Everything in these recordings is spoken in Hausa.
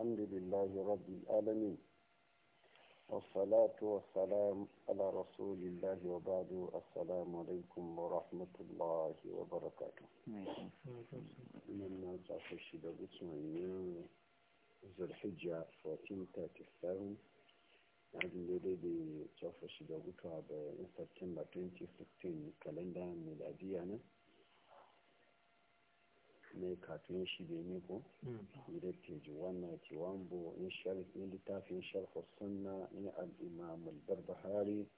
الحمد لله رب العالمين والصلاة والسلام على رسول الله وبعد السلام عليكم ورحمة الله وبركاته من نازع فشد بسمعين ذو الحجة 1437 عدن لدي توفى شدوتها بسبتمبر 2016 كالندا ميلادية mai katun shi da ni ko da peji 191 bo in sharif ne littafin sharh sunna ni al imam al-barbahari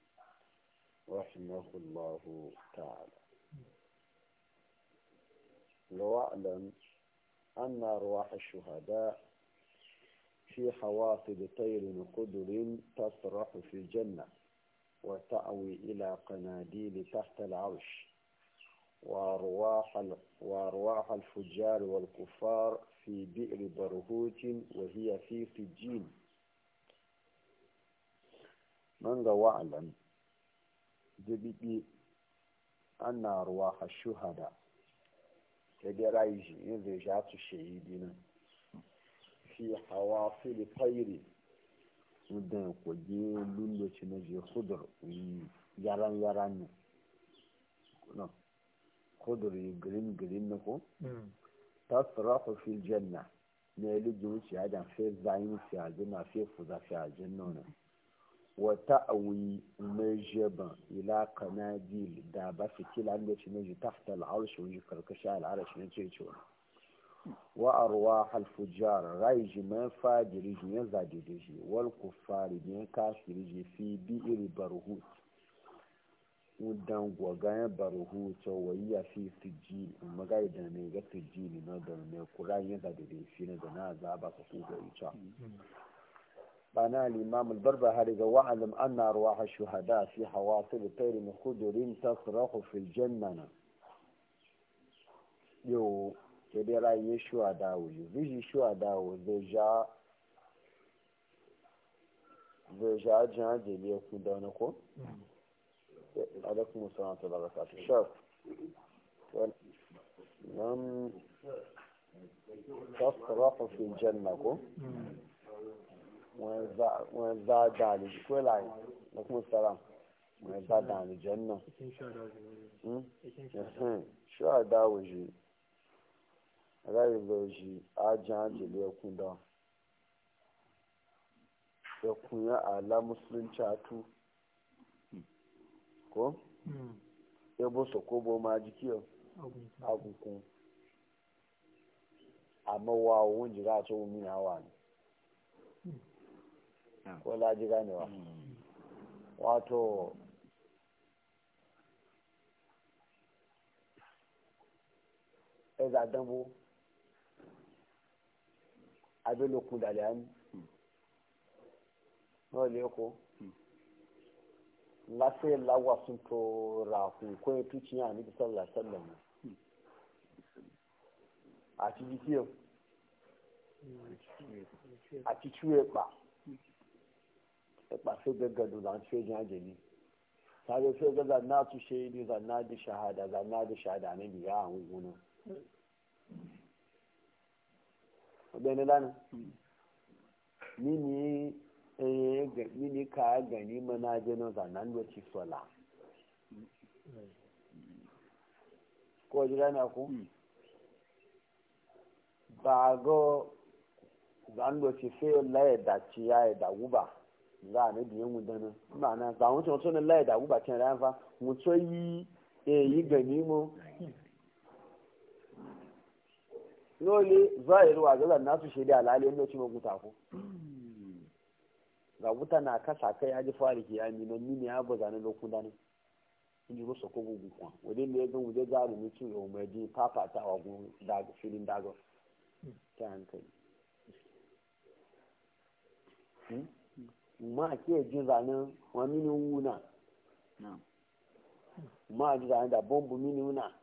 rahimahullah ta'ala لواعلم أن أرواح الشهداء في حواصل طير قدر تسرح في الجنة وتأوي إلى قناديل تحت العرش وأرواح وأرواح الفجار والكفار في بئر برهوت وهي في سجين من واعلم جبدي أن أرواح الشهداء تدريج رجعت الشهيدين في حواصل طير ودن قدين لولو تنجي خضر يران يران kuduri girin girin na ko tasrahu fil janna ne liji wuce ya dan fe zayin fi aljanna fe fuza fi aljanna na wa ta'awi majaba ila qanadil da ba fitila ne shi ne tahta al'arsh wa karkashi al'arsh ne ce ce wa arwah al-fujar raiji man fajiri ne zadidi wal kuffari ne kafiri fi bi'ir barhut udan gwagaya baruhu ta a fi sijili magai da ne ga sijili na da ne kura yin da da shi da na zaba ka su ga ita bana al-imam al-barbahari ga wa'alam anna arwah shuhada fi hawasil tayr min khudurin tasrahu fi al-jannah yo ke da rayin shuhada wuyi biji shuhada wuyi ja zai jan da ne kun da ko mm-hmm. alaikum salam janna ko wani za da ni ko lai alaikum salam wani za da ala musulunci atu ko ya ebo sokobo ma jikiyo agukun amma wa ohun jira so omi hawa ne hmm. Hmm. ko laji ganewa hmm. wato ẹza dambo abelokun dalẹ ani náà lè kó lafe lawa sun to ku ko ya tuci ani bi sallallahu alaihi wasallam a ci jikiyo a chu e pa pa sai gaggado da ciwe jin ajali ta ga na tu zanna ni za na de shahada na de shahada ne o a ni ọgbẹni hmm. ni ni. eh ga mini ka gani mana jino zanan na ku hmm. ba go zan da ci fe laye da ci ya da guba za ne dana ma'ana za mu tun tun laye da guba tin ran fa mu yi a ga zan nasu shaida alali yanda ga wuta na kasa kai aji fari ke ami na mini ya ba zanen lokun dani in ji rusa kogo gukwa wajen da ya gan wajen zaru ne cin yau mai jin fafata wa filin dago ta hankali hmm? ma ke ji zanen wa mini wuna ma ji zanen da bombu mini wuna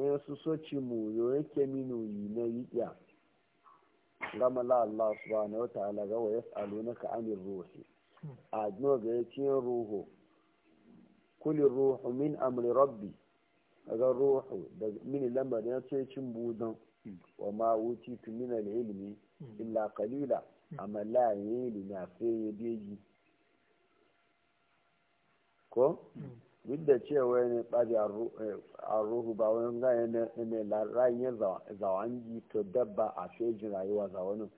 in su soci mu yo yake minu yi na yi ɗaya gama la Allah subhanahu wa ta'ala ga wa yas'alunaka anir ruhi a jino ga yake ruhu kuli ruhu min amri rabbi ga ruhu da min lamarin ya ce cin budan wa ma wuti tu min al illa qalila amma la yi na fe ko hmm. duk da cewa ne ɓari eh, a ruhu ba wani gaya ne zawon yi to dabba a fejin rayuwa zawanin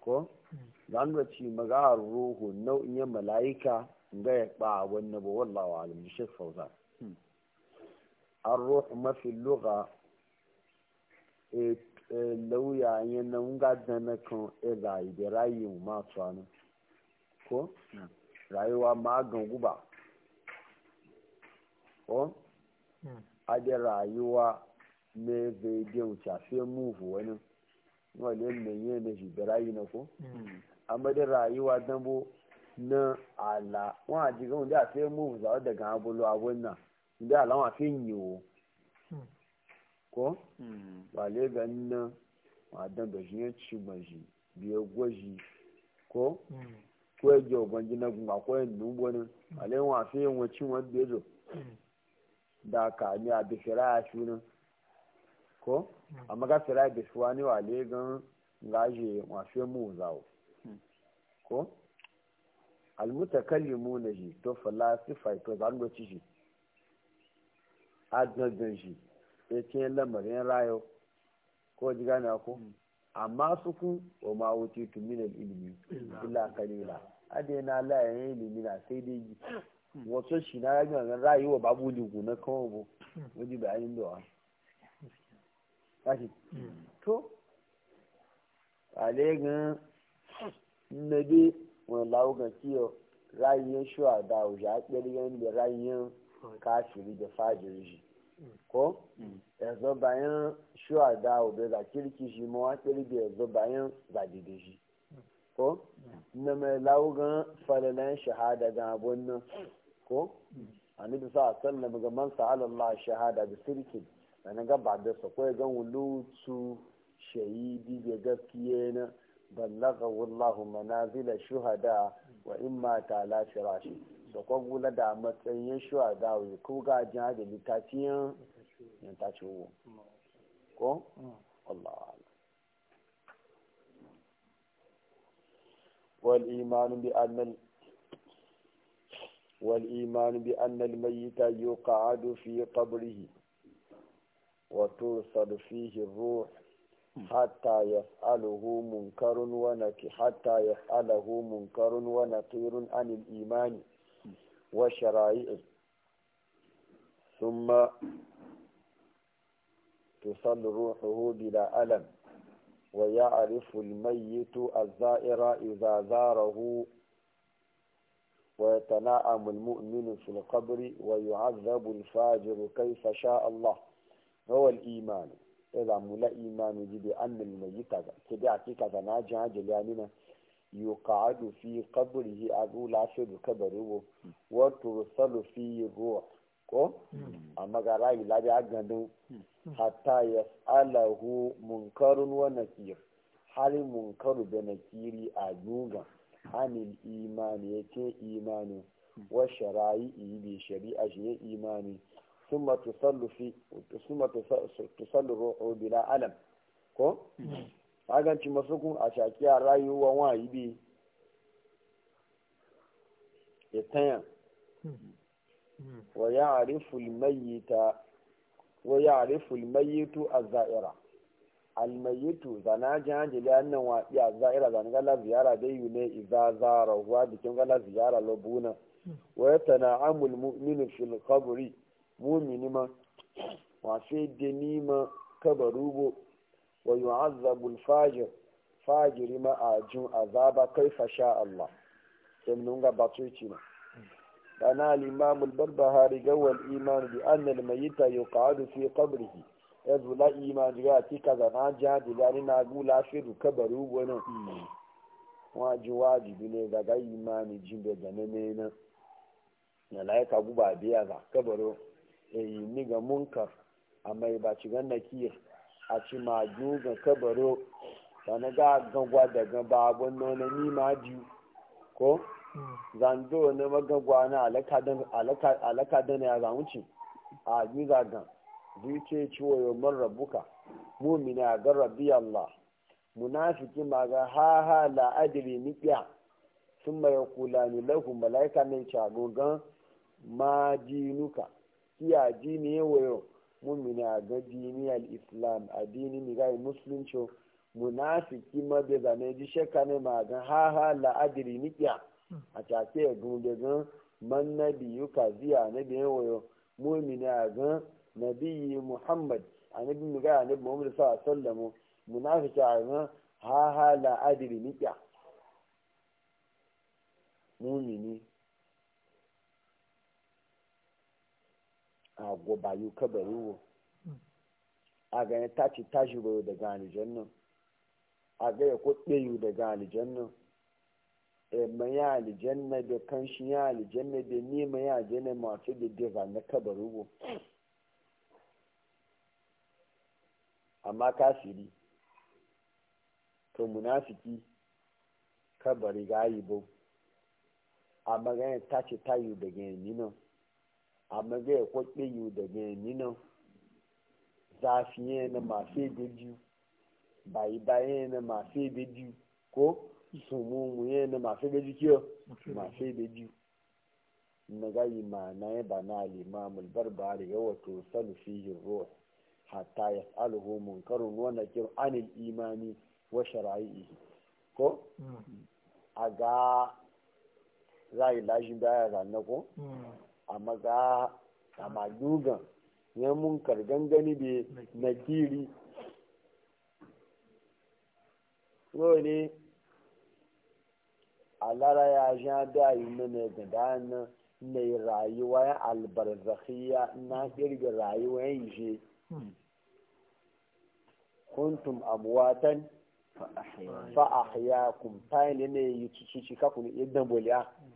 ko zanuwa ci magahar ruhu nau'in yin mala'ika ga ya ba wani ba wallawa alim da shek fauza hmm. an ruhu mafi luga eh, eh, lauya yana ngadan kan ila da rayu masu wani ko rayuwa magan guba ko hmm. ade rayuwa ne zai je wuce muvu wani wani mai yi na da rayu na ko hmm. amma da rayuwa dambo na ala wani a gbọ́n ndé àfẹ́ múùfù sàwọ́ dẹ̀gà abolo àwọn náà ndé àlà wọn fi yìn o kọ́ wà lẹ́gà nná wọn àdán bẹ̀rẹ̀ yẹn tù gbọ̀n ko ya ji na gina gunga ko ya dubo ne alayin wasu yin wacin wanda ya zo da ka ni a bishira ya ni ko amma ga fira da shuwa ne wa le gan ngaje wasu mu zawo ko almutakallimu ne ji to falasifa to zangoci shi adadin shi ya ce lamarin rayo ko ji gane ko hmm. amma su ku wa ma wuce tu min ilimi illa kalila adena na yayin ilimi na sai dai hmm. wato shi na ga ga rayuwa babu dugu na kawo bo hmm. waje bayanin da kashi hmm. to ale ga bi wani lawuka kiyo rayuwar shuwa da wuce a ƙirgin da rayuwar kafiri da shi ko mm. ya zo bayan shuwa da obe za kirki shi ma kirki ya zo bayan za dide shi ko mm. na mai laugan falalan shahada ga abun nan ko mm. annabi sa sallam ga man sa'ala Allah shahada da sirki dan ga ba da sa ko ga su shahidi ga gaskiye na ballaga wallahu manazila shuhada wa imma ta la da kwagula da matsayin shuwa wuyi ko ga jihar da littafiyan yin tashi wo ko? Allah والإيمان بأن والإيمان بأن الميت يقعد في قبره وترصد فيه الروح حتى يسأله منكر ونكي حتى يسأله منكر ونقير عن الإيمان وشرائعه ثم تصل روحه بلا ألم ويعرف الميت الزائر إذا زاره ويتناعم المؤمن في القبر ويعذب الفاجر كيف شاء الله هو الإيمان إذا ملا إيمان جدي أن الميت كده عتيك أنا جاجل يعني yuqa'adu fi qabrihi azu lafi da kabari wo wa tursalu fi ruh ko amma ga rayu labi agandun hatta yas'alahu munkarun wa nakir hali munkaru da nakiri a duga anil imani yake imani wa shara'i'i bi shari'a shi imani summa tusallu fi summa tusallu ruhu bila alam ko aganci masukun a shaki a rayuwa wa yi bi ya tanya wa ya arifu almayitu a za'ira almayitu zana jihajili annan waɗi a za'ira zan gala ziyara dai yi ne iza zara huwa jikin gala ziyara lobuna wa ya tana amul mu'minu fil kaburi mumini ma wa fi denima kabarubo wa yu'azzabu al-fajir fajiri ma a jin azaba kaifa sha Allah sai mun ga batoci na kana al-imam al-barbahari gawal iman bi anna al-mayyita yuqadu fi qabrihi yanzu la iman ga ti kaza na jadi da ni na gula fi du kabaru wani waji wajibi ne daga imani jin da ne na na laika guba biya ga kabaro eh ni ga munkar mai bacci gan na kiyar a ci maju ga kabaro wani ga gagwa da gaba abin nuna ni biyu ko zando na magagwa na alaka ne ya zamuci a yi zagan zuce ciwo man rabuka mumina ga rabbi Allah munafiki ma ga ha ha la adiri nikiya sun mai kula ni lahu malaika mai cagogan majinuka kiya jini mumini a ga dini al-islam addini ni ga musulunci munafiki ma bai ne ji shakka ne ma ga ha ha la adiri nikiya hmm. a take ya gumbe gan man nabi ka ziya na biyan wayo mumini a ga nabi muhammad a ne mu ga ne muhammad sallallahu alaihi wasallam munafiki a ga ha ha la adiri nikiya mumini ago bayu kabari wo a ga e, ya taci tashi daga alijan nan a ga ya yu daga alijan nan e maya alijan na da kanshi ya alijan na da ni ya alijan na masu da deva na kabari wo amma kafiri to munafiki kabari ga yi bau amma ga ya tayu daga yanni nan amma zai kwaɓe yi da gani zafi yi na masu ebe bayi bayi yi na masu ebe ko ko sumumu yi na masu ebe kiyo masu ebe na gayi ma na yi ba na limamul barbari yawa to sanu fihin ruwa hata ya tsaluhu munkarun wanda kiyo anil imani wa shara'i ko mm. a ga za a yi lashin baya ranar ko mm. a maza a majugan ya kargan gani da yau ne a lara ya sha dayi mana na mai rayuwa ya albarzakhiya na kirga rayuwa ya shi hmm. kuntum abuwatan fa ta yi ne yi cici kakun boliya hmm.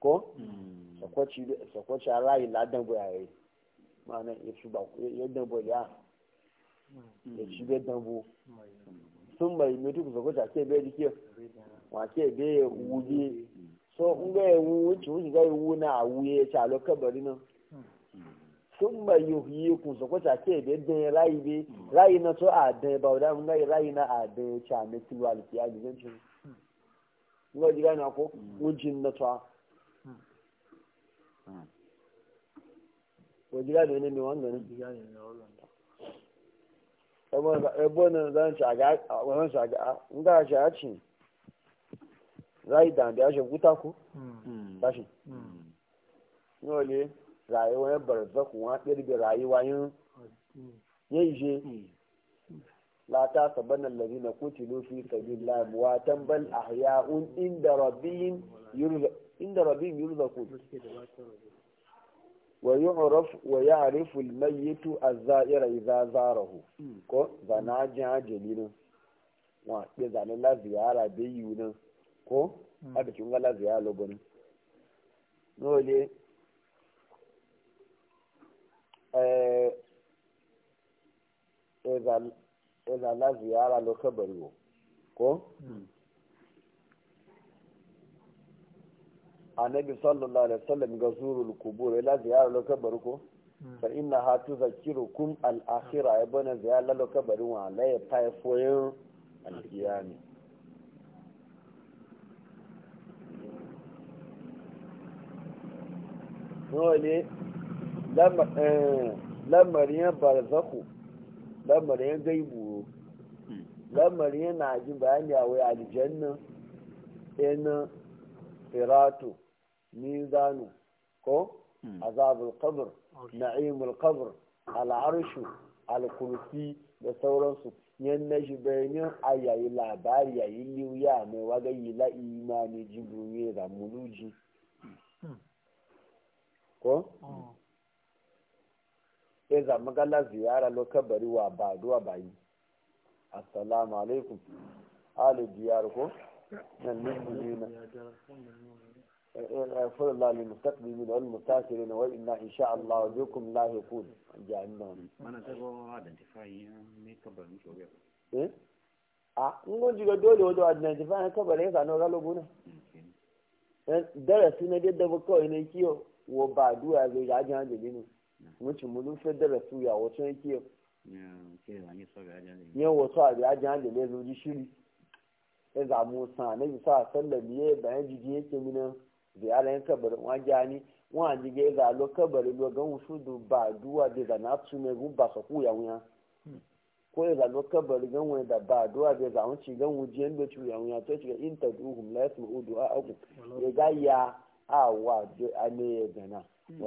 ko hmm. sakwaci a rayu ladan goyaye ma'ana ya ci ba ya dambo ya ya ci bai dambo sun mai mutu ku sakwaci a ke bai jike wa ke bai ya wuge so hmm. in ga ya wuce ci wuce ga ya wu a wuye ya ci a lokabari nan hmm. sun mai yi ku sakwaci a ke bai dan ya rayu bai rayu na so a dan ya ba wadda mun ga rayu na a dan ya ci a mai kilo alkiya gizancin. Nga jiga na ko, wujin na tsawa. ne da wani mai wanda ne ebo na zan ci aga wannan ci aga in ga shi a ci zai da da shi guta ko hmm. tashi yole hmm. rayuwa ya barza ku wa rayuwa yin yayi je hmm. la ta sabanna alladhina qutilu fi sabilillah wa tambal ahya'un inda rabbihim yurzaqun inda rabin yurzaku wa yu'raf wa ya'rifu al-mayyitu az-za'ira idza zarahu hmm. ko zana jajeli ne wa be zana la ziyara be yuna ko hmm. ada kin ga la ziyara lo bon no le eh ziyara lo kabari ko hmm. annabi sallallahu alaihi wasallam ga zurul kubur ila ziyara lo kabaru ko hmm. fa inna ha tuzakkirukum al akhirah ya bana ziyara lo kabaru wa la ya taifoyin al qiyam dole eh, lamarin barzaku lamarin gaibu hmm. lamarin na ji bayani a wai aljanna ina firatu mizanu ko azabul qabr na'imul qabr al'arshu al-kursi da sauransu yanna shi bayanin a yayi labari yayi liuya mai wagayi la imani jibriye da muluji ko ya zama gala ziyara lokabari wa ba duwa bayi assalamu alaikum ali diyar ko فضل الله للمستقبلين والمستاثرين وإنا إن شاء الله بكم لا يكون جهنم أنا تقول هذا انتفاعي ميكبر مش وبيع إيه a ngon jiga dole wajen wajen jifa na kabar ya sanu galo guna darasi na yadda kiyo wa ba duwa zai ga jami ne mucin mu kiyo yan wasu a ga ajiyar ne zo ji shiri ya zamu sa na bisa sallar biye bayan jiji yake minan ziyara yin kabarin wajani wọn àjẹgẹ ẹgbẹ àlọ kabarin lọ gan wusu do ba duwa de hmm. ga na tu mẹ gun ba sọkú yà wọn ko ẹgbẹ àlọ kabarin gan wọn da ba aduwa de ga wọn ci gan wọn jẹ ẹgbẹ tu yà wọn yà tó ga inta du hum la a aku ya a wa de ni hmm.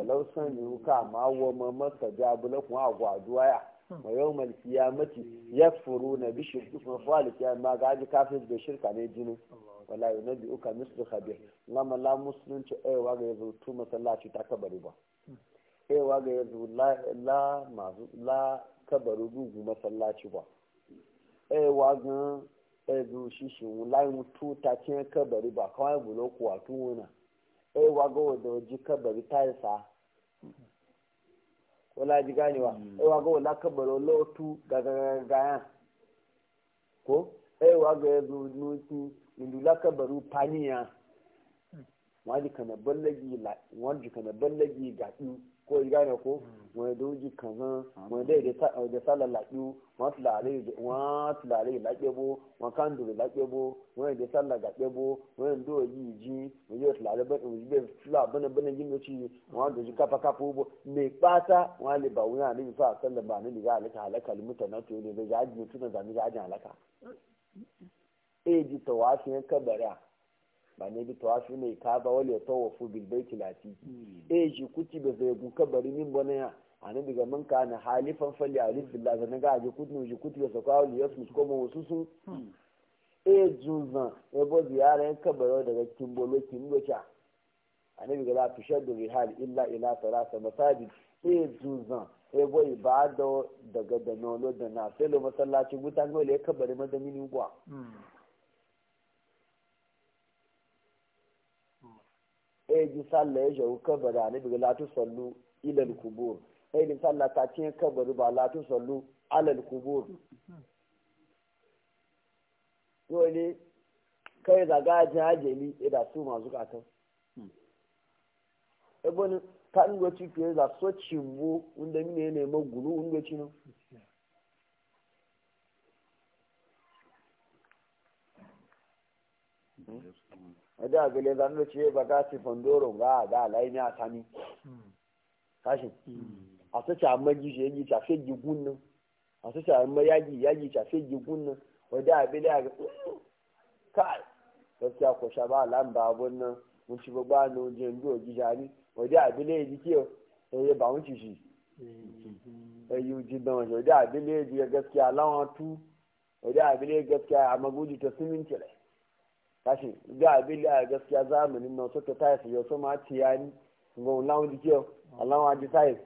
ya. wa yau mal kiyamati furu na bi shirki kuma fa'al kiyama ga aji kafin da shirka ne jinin wala na biyu uka mislu khabir lamma la musulunci aiwa eh, ga yazo tu masallaci ta kabari ba aiwa eh, ga yazo la masu la kabari gugu masallaci ba aiwa eh, ga shi shishin yi mutu ta cin kabari ba kawai bulo kuwa tuwuna aiwa ga wadda waje kabari ta yi sa wala ji ganewa mm. wa ga wala kabaro lotu gagagagaya ko wa ga ya indu la kabaru paniya mm. wani kana ballagi wani kana ballagi gaɗi ko ji gane ko mm. wani doji kazan wani dai da sallar laƙi wani tulare laƙebo wani kanduri laƙebo wani da sallar gaƙebo wani doji ji wani yau tulare bai fula bane bane yin yoci wani doji kafa kafa ubo mai ɓata wani liba wani a nufi fa sallar ba ne liga halaka halaka limuta na to ne bai jaji mutum na zami jajin halaka. Mm. Eji eh, tawafin a. ba bi tawa shi ne ka ba wale ta bil baiti lati e shi kuti ba zai guka bari min bana ya ani daga man ka na halifan fali alif billah zan ga ji kuti ji kuti ba sa kawo liyas mu ko mu susu hmm. e eh, juzan e eh, bo ziyara ya kabaro daga kimbolo kimbocha ani daga la bi hal illa ila thalatha masajid e juzan e bo ibado daga da nono da na sai lo masallaci gutan gole bari madani ni gwa hmm. e ji sallah ya jawo kabara ne daga latin sallu ilal kubur e ji sallah ta ce kabari ba latin sallu alal kubur dole kai zaga jajeli idan su masu katon ebonu ka ngoci ke za so cimbo inda mine ne ma guru ngoci no wadda a zan da ce ba ga ci fandoro ga ga ne a kashi a su ca amma gishi yaji ca fe gigun nan a su ca amma yaji yaji ca fe gigun nan wadda a bile a ga kai ko sha ba lamba abun nan mun ci gbogbo ana oje a bile yaji kiyo eye ba mun ci shi gaskiya lawan tu da a bile gaskiya a maguji ta siminti kashi ga abin da gaskiya zamanin nan suka ta su yau sama ci yani ga lawan jikiyo mm. Allah wa ji tayi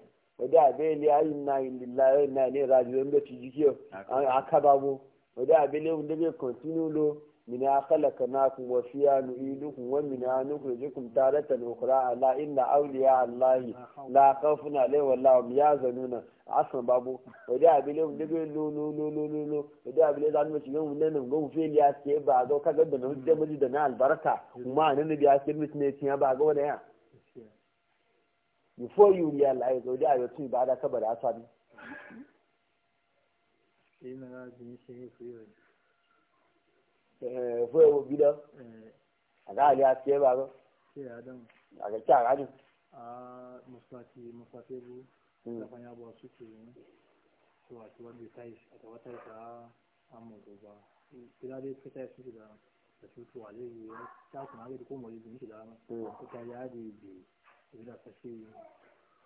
da abin da yayin na lillahi na ne rajiyon da ci jikiyo aka babu da abin da bai continue lo mina khalaqnakum wa fiha nu'idukum wa mina nukhrijukum taratan ukhra ala inna awliya allahi la khawfun alayhim wa la hum yahzanun asan babu wadi abile mun dege lo lo lo lo lo lo wadi abile zan mu shigan mun nan go fe liya ke ba go kaga da nan da miji da na albarka kuma nan da biya ke mutune ne tiya ba go da ya before you realize wadi ayo tun ba da kabara asabi ina ga jin shi ne Eh, fue un video. Eh, acá ya se va, ¿no? Sí, Adam. Acá está, Adam. Ah, Mustaki, Mustaki, Bu. La fanya ¿eh? bu su ke yin. So a tuwa bi tai, a tuwa tai ta amu goba. Ila dai fita su da da su tuwa dai yi ta kuma ga ko mu yi shi da ma. Ko ta ya di bi. Ila ta shi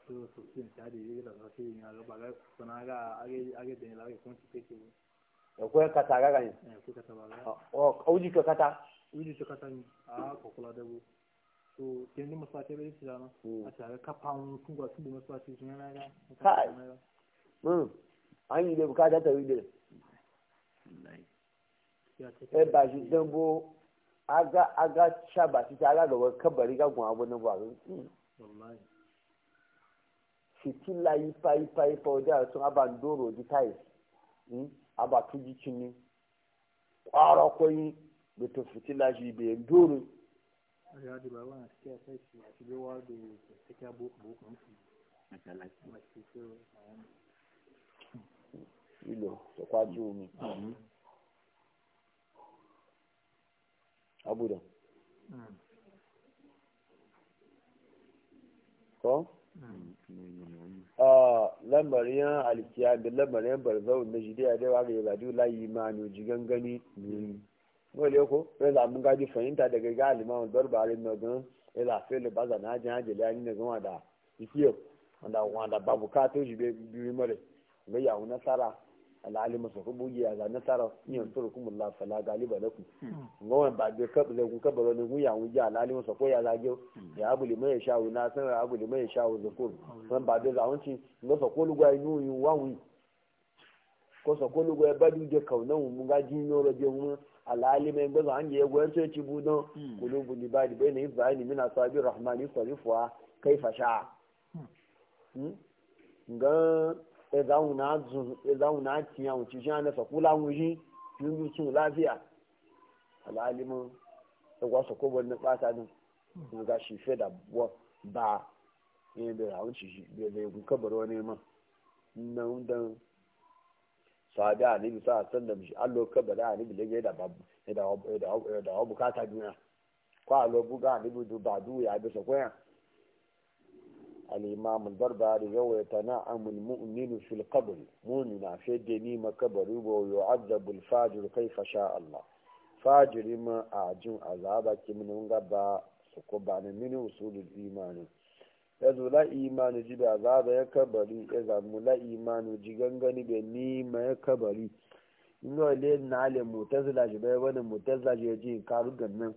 so so sin ta di ila ta shi ya ba ga sana ga age age da ila ti ke akwai kata gaga ne ƙauji ka kata ƙauji ka kata ne a kwakwala dabo to kendi masake bai ci dama hmm. a tare kafan sun gwasu da masake sun yana ga kai hmm. an yi da bukata ta wide e ba shi dan bo aga aga sha ba shi ta aga gaba kabari ga gun abu na ba wallahi fitila yi fa yi fa yi fa wajen sun abandoro di tais hmm. abatu jikini kwara kwai da ta fitila shi bai duru ilo da kwaji omi mm-hmm. abudan mm. ko lambarin alkiya da lambarin barzau na jidiya da wa ga yaba layi ma no jigan gani mm. wale ko ya za mun gaji fahimta daga ga alimawan darbarin na gan ya za fi le baza na hajji hajji lani na gama da ikiyo wanda wanda babu kato shi biyu mare ga yahu nasara al'ali masu kubu a zane tara hmm. yin turu kuma fala galiba ku hmm. gowon ba bai kabu zai kun kabu ya ala wuya al'ali masu ko ya zage hmm. ya abuli mai ya shawo na san ya mai ya shawo zakur san ba da zawanci ga sako lugwa yi nuyi wawi ko sako lugwa ya badu je kaunan mu ga jinyo rabe mu al'ali mai gbazo an je gwayan sai ci budon kulubu libadi bai na yi bayani mina sabi rahmani ẹ̀dáhùn náà zùn ẹ̀dáhùn náà tìyàn òtítí àná sọ̀kú láwọn yìí yúlù tún láfíà aláàlímọ̀ ẹ̀wà sọ̀kú bọ̀ ní pátá ní ìgbà sì fẹ́ dàbọ̀ bá ní ẹ̀bẹ̀ àwọn tìṣì bẹ̀rẹ̀ ẹ̀gùn kọ́bọ̀rọ̀ ní mọ̀ nínú dán sọ̀dá àníbi sọ̀rọ̀ sọ̀dọ̀m alọ́ kọ́bọ̀rọ̀ àníbi lẹ́yìn الإمام البربري هو يتنعم المؤمن في القبر مؤمن في الدنيا مكبر ويعذب الفاجر كيف شاء الله فاجر ما أعجم عذابك من غبا سكبان من وصول الإيمان yanzu la imanu ji da azaba ya kabari ya zamu la imanu ji gangani da nima ya kabari ino le na le mutazila ji bai wani mutazila ji ya ji karu gannan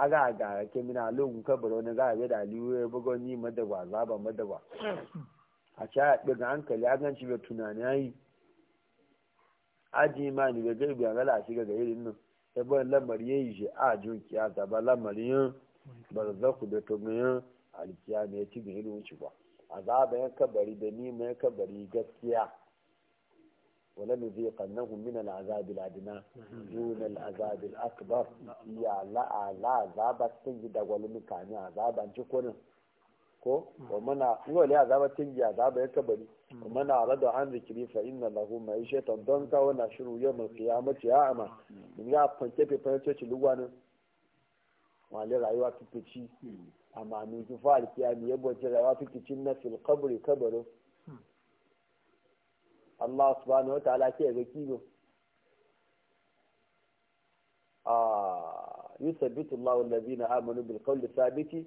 aga ga ke mina logun kabar wani za a yi da aliyu ya bugo ni madagwa zaba madagwa a ci a ɗaga hankali a ganci bai tunani yayi aji ma ni ga gaibi a gala shi ga irin nan ya e bayan lamari ya e yi shi a junki a zaba lamari e. za ku da tumiyin alkiya ne ya ci irin wuce ba a zaba kabari da ni ma ya kabari gaskiya ولنذيقنهم من العذاب الأدنى دون العذاب الأكبر يا لا لا عذاب تنجد ولم كان عذاب أنجكونا ko wa mana wale azaba tingi azaba ya kabari wa mana arada an zikiri fa inna lahu ma shaitan don ka wana shiru yau mai kiyamati ya ama in ya fanke fe fanke ci luwanin wale rayuwa tukici amma min ki fa alkiyami yabo ce rayuwa na fil qabri kabarin Allah subhanahu wa ta'ala ke ga kibo a ah, yusabbitu Allahu na amanu bil qawli sabiti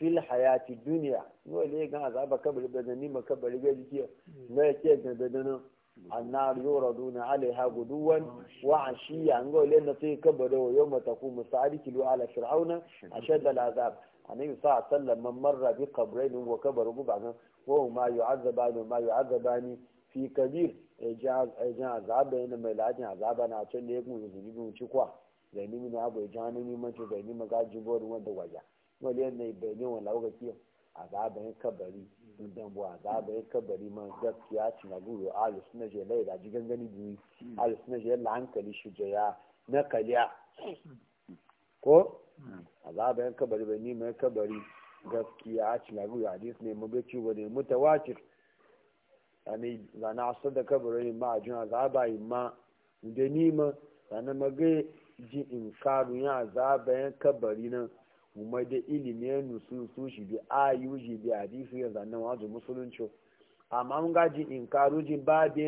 fil hayati dunya no le ga azaba kabari da zani ma kabari ga jiki na ya ce ga dadana annar yuraduna alaiha guduwan wa ashiya ngo le na sai kabari wa yawma taqumu sa'adiki lu ala fir'auna ashad al azab annabi sa sallam man marra bi nan wa kabaru ba gan wa ma yu'azzabani ma yu'azzabani fi kabir ejin azaba yana mai lajin azaba na can da ya kuma yanzu gudun cikwa da ni mini abu ejin hannun neman to da ni maga jiborin wanda waja wani yana bai ne wani lauga kiyo azaba ya kabari dan bu azaba ya kabari man gaskiya ci na guru alu suna je lai da jigan gani biyu alu suna je la hankali shi jaya na kaliya ko azaba ya kabari bai ni mai kabari gaskiya ci na guru hadis ne mabaci wani mutawatir yani zana asar da kabarin ma a jin ba yi ma da nima zana maga ji in karu ya azaba bayan kabari nan kuma da ilimi ya nusu su shi bi yi shi bi hadisi ya zana wazo musulunci amma mun ga ji in karu ji ba da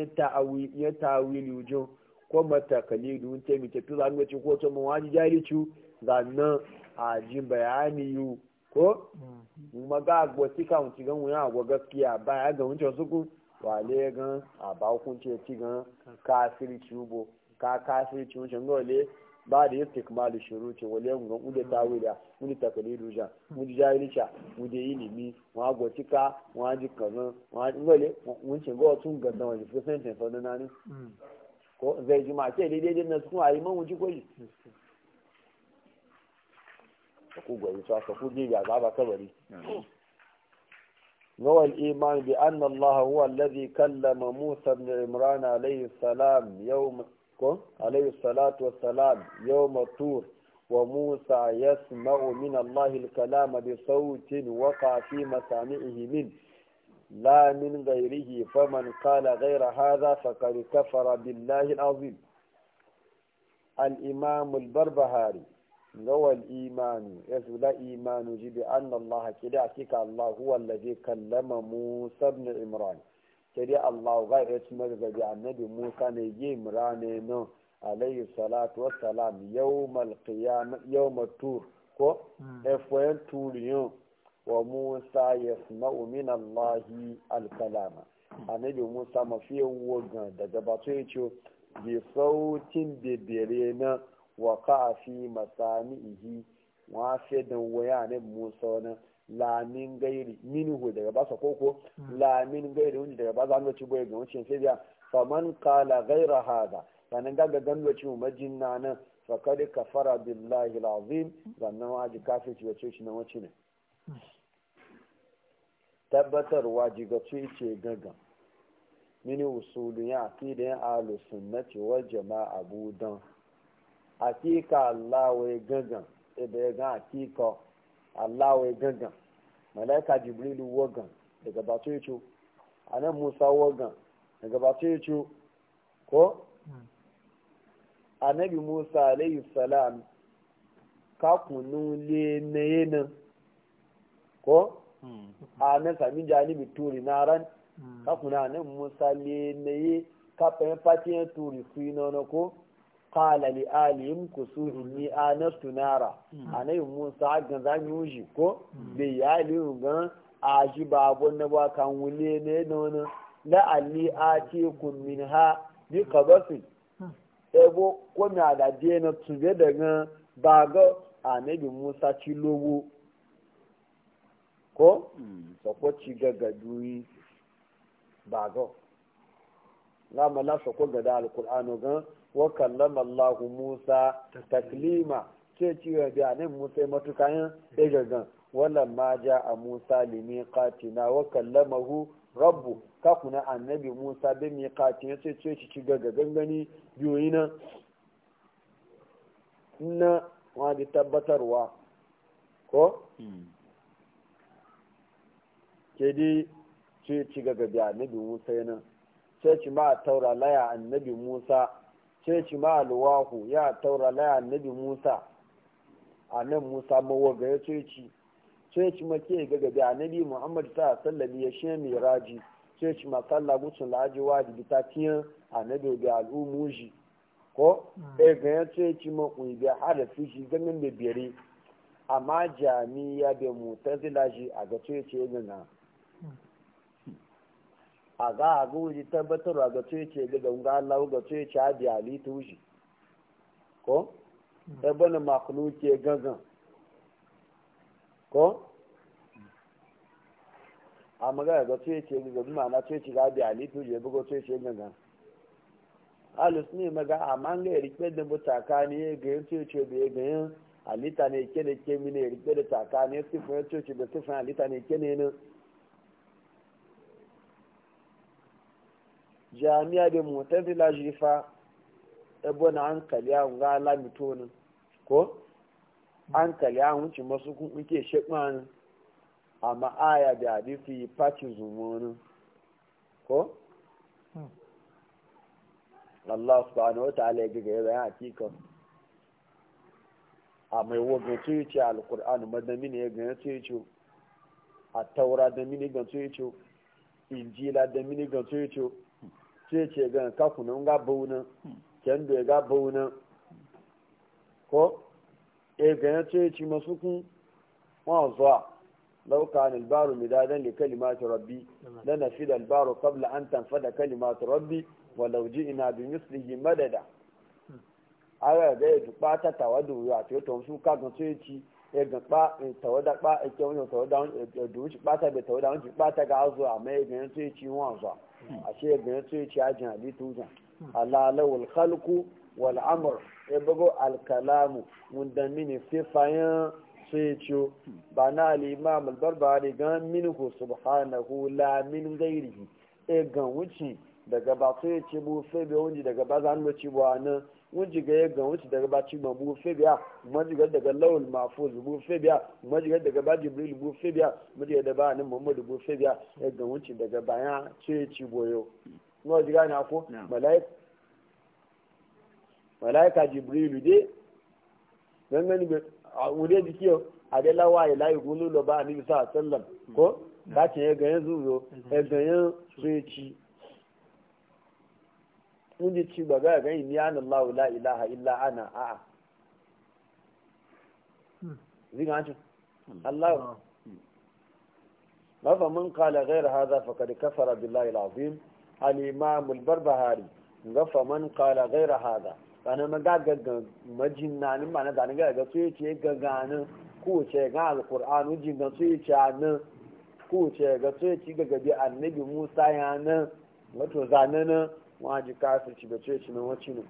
ya tawili wujo ko matakali da wun taimi tafi zanu wacin ko ta mun waji jaricu zana a ji bayani yi ko kuma mm. ga agbo tika mun ci gan wuya gaskiya ba ya ga wancan suku wale gan aba hukunci ci gan kafirci ubo ka kafirci wucin gole ba da yi tikmalu shuru ce wale gan ude ta ta tawila ude takalidu yi ude jahilica yi ilimi wa gotika wa ji kazan wa ji gole wucin gole tun gazan wani fi sentin sau na ne ko zai ji ma ce daidai na sun a yi man wuci kwaji ku gwari sa ka ku je ga gaba kabari mm. وهو الإيمان بأن الله هو الذي كلم موسى بن عمران عليه السلام يوم عليه الصلاة والسلام يوم الطور وموسى يسمع من الله الكلام بصوت وقع في مسامعه منه لا من غيره فمن قال غير هذا فقد كفر بالله العظيم الإمام البربهاري gawal imanu ya zula imanu ji bi an Allah ke da hakika Allah huwa allazi kallama Musa ibn Imran ke da Allah ga ya ci magabi annabi Musa ne yi Imran no alayhi salatu wassalam yawmal qiyamah yawmat tur ko efoyen turiyon wa Musa yasma'u min Allah al-kalama annabi Musa mafi yawo daga batu ya bi sautin bebere na wa kafi masani'ihi wa fi dan waya ne musa wani lamin gairi minhu daga sa koko lamin gairi wani daga basa an ci boye ga wace sai biya faman kala gaira hada sanan gaga gando ci mu na nan fakad kafara billahi alazim zannan waji kafirci wace shi nan wace ne tabbatarwa jiga ce ce gaga mini usulun ya aqidan ahlus sunnati wal jama'a budan hakika Allah wai gangan da ya gan hakika Allah wai gangan malaika jibrilu wagan daga batu ya ce anan musa wagan daga batu ya ce ko hmm. anabi musa alayhi salam ka kunu le na ko hmm. a nan sami janibi turi na ran hmm. kakunan kuna nan musa le na yi ka fahimfacin turi su yi ko qala li alihim kusuhu ni anastu nara hmm. anai musa ga zan yuji ko hmm. bi yali ga aji babon na ba kan wule ne nono la ali atikum minha bi qabasin hmm. ebo ko mi adaje na tuje daga bago anabi musa ci lowo ko sokwa ci gaga duri bago ga mala sa ko gada alqur'ano gan wa kallama allah musa taklima ce ciwo biya ne musa e matukayan ɗaya e gan wannan ma ja a musa limi katina wa kallamahu rabbu kakuna annabi musa bin mi katina sai ce ci gaga gangani biyoyi na na wani tabbatarwa ko hmm. ke dai ce ci gaga biya annabi musa nan sai ma taura laya annabi musa sai ci ma luwahu ya taura laya annabi musa a nan musa mawaga ya sai ci sai ci ma ke ga gabi annabi muhammad ta sallami ya shi mai raji sai ci ma sallah gusun laji wa da bita tiyan annabi da al'ummu shi ko ɗaya hmm. eh, ga ya sai ci ma ƙungi harafi shi ganin da biyar amma jami'a da mutazilaji a ga sai ci ya gana Aga aga uji ga a tabbatarwa ga tsoyace daga ga Allah ga tsoyace a biya ali ko hmm. ebe ko ɗabbanin makulu ke gangan ko a magana ga tsoyace ga gabi na tsoyace ga biya alita e e e ta wuji ya gangan alus ne maga amma ga rike da bu tsakani ya ga yin tsoyace da ya ga yin ne ke da ke mine ya rike da tsakani ya sifin ya ke ne jami'a da mutazila shi fa ebo na hankali a ga lamito ko hankali a wuce masu kun kuke a ma'aya da hadisi fatin zumonu ko Allah subhanahu wa ta'ala ya gaga yayin hakika a mai wogan tuyice alkur'an madami ne ya gane a taura da mini gan injila da mini gan ce gan kakunan ga bauna can da ga bauna ko e gan ce ci masu kun wọn zuwa lauka an albaru midadan da kalimatu rabbi na nafi da albaru kabla an tanfa da kalimatu rabbi walau ji ina bi misli madada a da ga ya tuba ta tawa da wuya ce to su ka gan ce ci e gan ba tawa da ba e ke wani tawa da wuci ba ta ga tawa da wuci ba ta ga zuwa mai gan ce ci wọn zuwa Hmm. a yadda na ce ci ajin halittu jan alala wal khalqu wal amr ya e bago alkalamu mun da mini sifayan sai hmm. ba na alimam imam al barbari subhanahu la min ghairihi e gan wuce daga ba sai ce bu sai bai wunji daga ba zan wuce ba nan wujiga ya ga wuce daga bacin ma mu febiya majiga daga lawal mafuz mu febiya majiga daga ba jibril mu febiya majiga da ba nan muhammadu mu febiya ya ga wuce daga baya ce ci boyo no jiga na ko malaik malaika jibrilu de gangani be a wuri jiki a da lawa ya layi gulu da ba ni bisa sallam ko ka ce ya ga yanzu yo ya ga yanzu ci kun ji ci ba ga gani ni an Allah la ilaha illa ana a a ziga an Allah mafa mun kala haza fa kada kafara billahi alazim al imam al barbahari fa man kala ghayr haza kana magaga majinnanin ma na da ni ga so yace gaganin ko ce ga alqur'anu jin ga so a an ko ce ga so yace ga gabi annabi Musa ya nan wato nan. wọ́n ji kafirci bai ce cimin wacce ne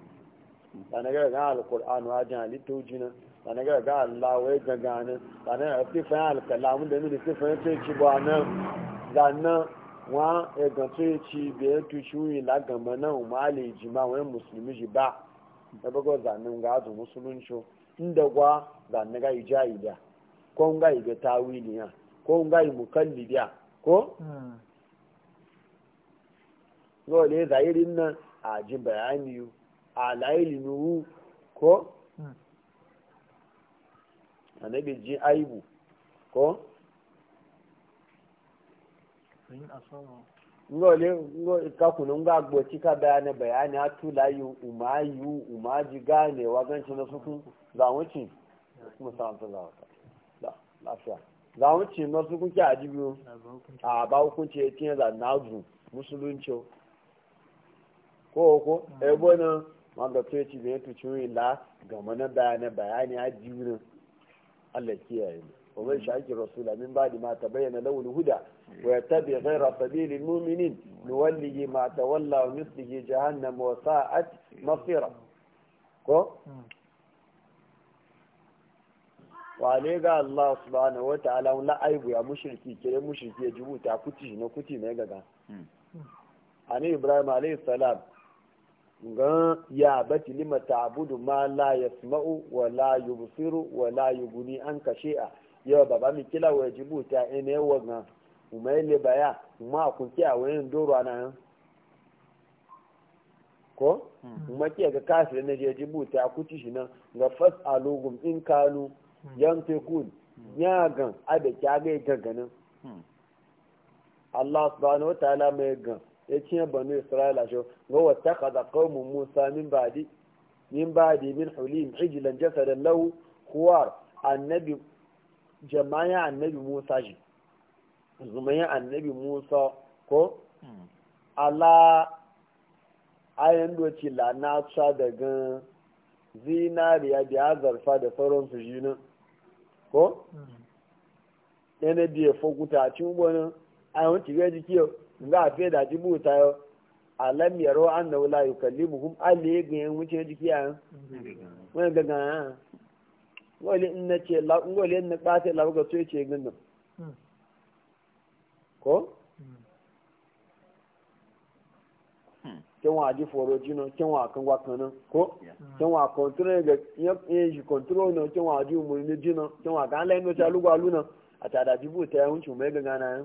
da na gara gan alkur'anu a jin halitta uji na gara gan allawa ya ga nan da na gara sifan alkalamun da nuna sifan ya ce ba nan da nan ya gantu ya ci ya wuyi lagamba nan umali jima wani musulmi ji ba bago ga azu musulunci inda gwa ga ija ida ko nga ko nga ko hmm. nawa ne zahirin nan a ji bayani a laili nuhu ko hmm. annabi ji aibu ko ngole ka kunun ga gboci ka bayani bayani a tulayu umayu umaji ganewa ganci na suku zamuci musamman zawata lafiya zamuci na suku ki a jibiyo a ba hukunci e ya tiye za nazu musulunci ko ko ebo eh, mm-hmm. na wanda to yace da yato ciwo la ga mana bayani bayani a jiwurin Allah kiyaye mu wa man mm-hmm. shaki rasula min ba'di ma tabayyana lahu huda wa yattabi ghayra sabili almu'minin nuwallihi ma tawalla wa nuslihi jahannam wa sa'at masira ko mm-hmm. Wa ne ga Allah subhanahu wa ta'ala la aibu ya mushriki kire mushriki ya jibuta kuti na kuti ne gaga ani ibrahim alayhi salam ga ya bati lima ta'budu ma la yasma'u wa la yubsiru wa la yughni anka shay'a yau baba mi kila wa jibu ta ene wanga umaile baya ma ku kiya yin doro ana ko kuma hmm. kiya ga kafir ne je jibu ta ku ci shi nan ga fas'alugum in kanu hmm. yantakun hmm. ya gan ada kya ga gaganin Allah subhanahu wa ta'ala mai gan ya ce banu isra'ila shi ga wata kada kawun musa min badi min badi min hulim hijilan jasadin lau huwar annabi jama'a annabi musa shi zumayin annabi musa ko ala ayan doci lana tsa daga zinariya da ya zarfa da sauransu shi ko yana mm. biya fokuta cikin wani ayon cikin jikiyar nga fe da ji buta yo alam yaro annahu la yukallimuhum alle ga wuce jiki an wani gaga wani in na ce la ngole in na kwace la ga to ce gin ko kin wa ji foro jino kin wa kan wa kan ko kin wa control ga yin ji control no kin wa ji mu ni jino kin wa ga lai no ta lugwa luna a ta da jibu ta yunci mai gaga na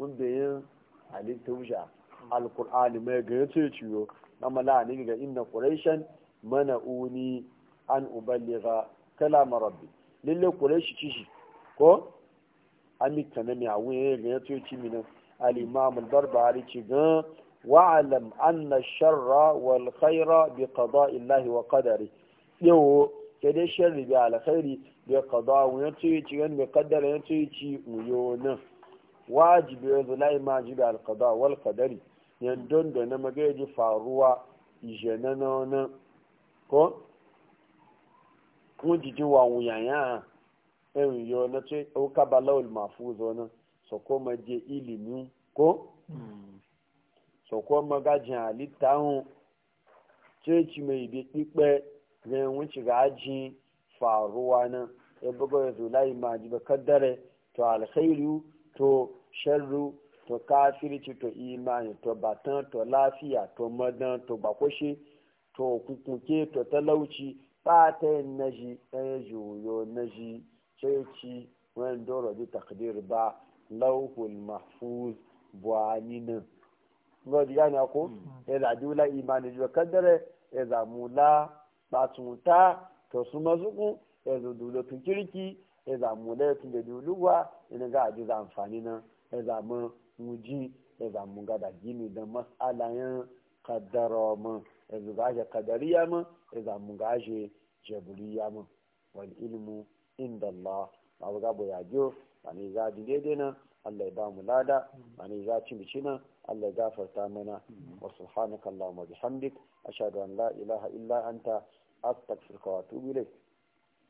wanda yin halitta wuja alkur'ani mai ga ya ce ciwo na mala'ani ga inna quraishan mana uni an uballiga kalama rabbi lalle quraishi kishi ko amika na miyawu ya ga ya ce ci min al-imam al-barbari ci ga wa'alam anna sharra wal khaira bi qada'i llahi wa qadari yawo sai dai sharri bi alkhairi bi qada'i ya ce ci gan bi qadari ya ce ci muyo nan wajibi ya zula ima ji da alkada wal kadari yandon da na magaji faruwa ijenanonan ko kun jijin wa wuyanya irin eh, yau na ce ɗauka ba lawal mafu zonan so ko je ilimi ko hmm. so ko magajin halitta hun ceci mai bi ɗiɓɓe zai wuce gajin faruwa nan ya e buga ya zula ima ji ba kaddare to alkhairu to sharru to kafirci to imani to batan to lafiya to madan to bakwashe to kukuke to talauci fatayin naji ɗaya juyo naji ceci wani doro bi takdir ba lauhul mahfuz buwani nan ga ji gani ko mm. ya zaɗi la imani jiwa kaddare ya zamu la batunta to su mazuku ya zo dulo tun kirki ya zamu la ya tun da duluwa ina ga aji za amfani nan ya zama wuji ya zama gada gini da matsalayen kaddara mu ya zuga shi kadariya mu ya zama gashi jaburiya mu wani ilmu inda Allah ba bu gabo ya biyo Wani ne za bi na, nan Allah ya lada Wani ne za ci bici nan Allah ya mana wa subhanaka Allahumma bihamdik ashhadu an la ilaha illa anta astaghfiruka wa atubu ilayk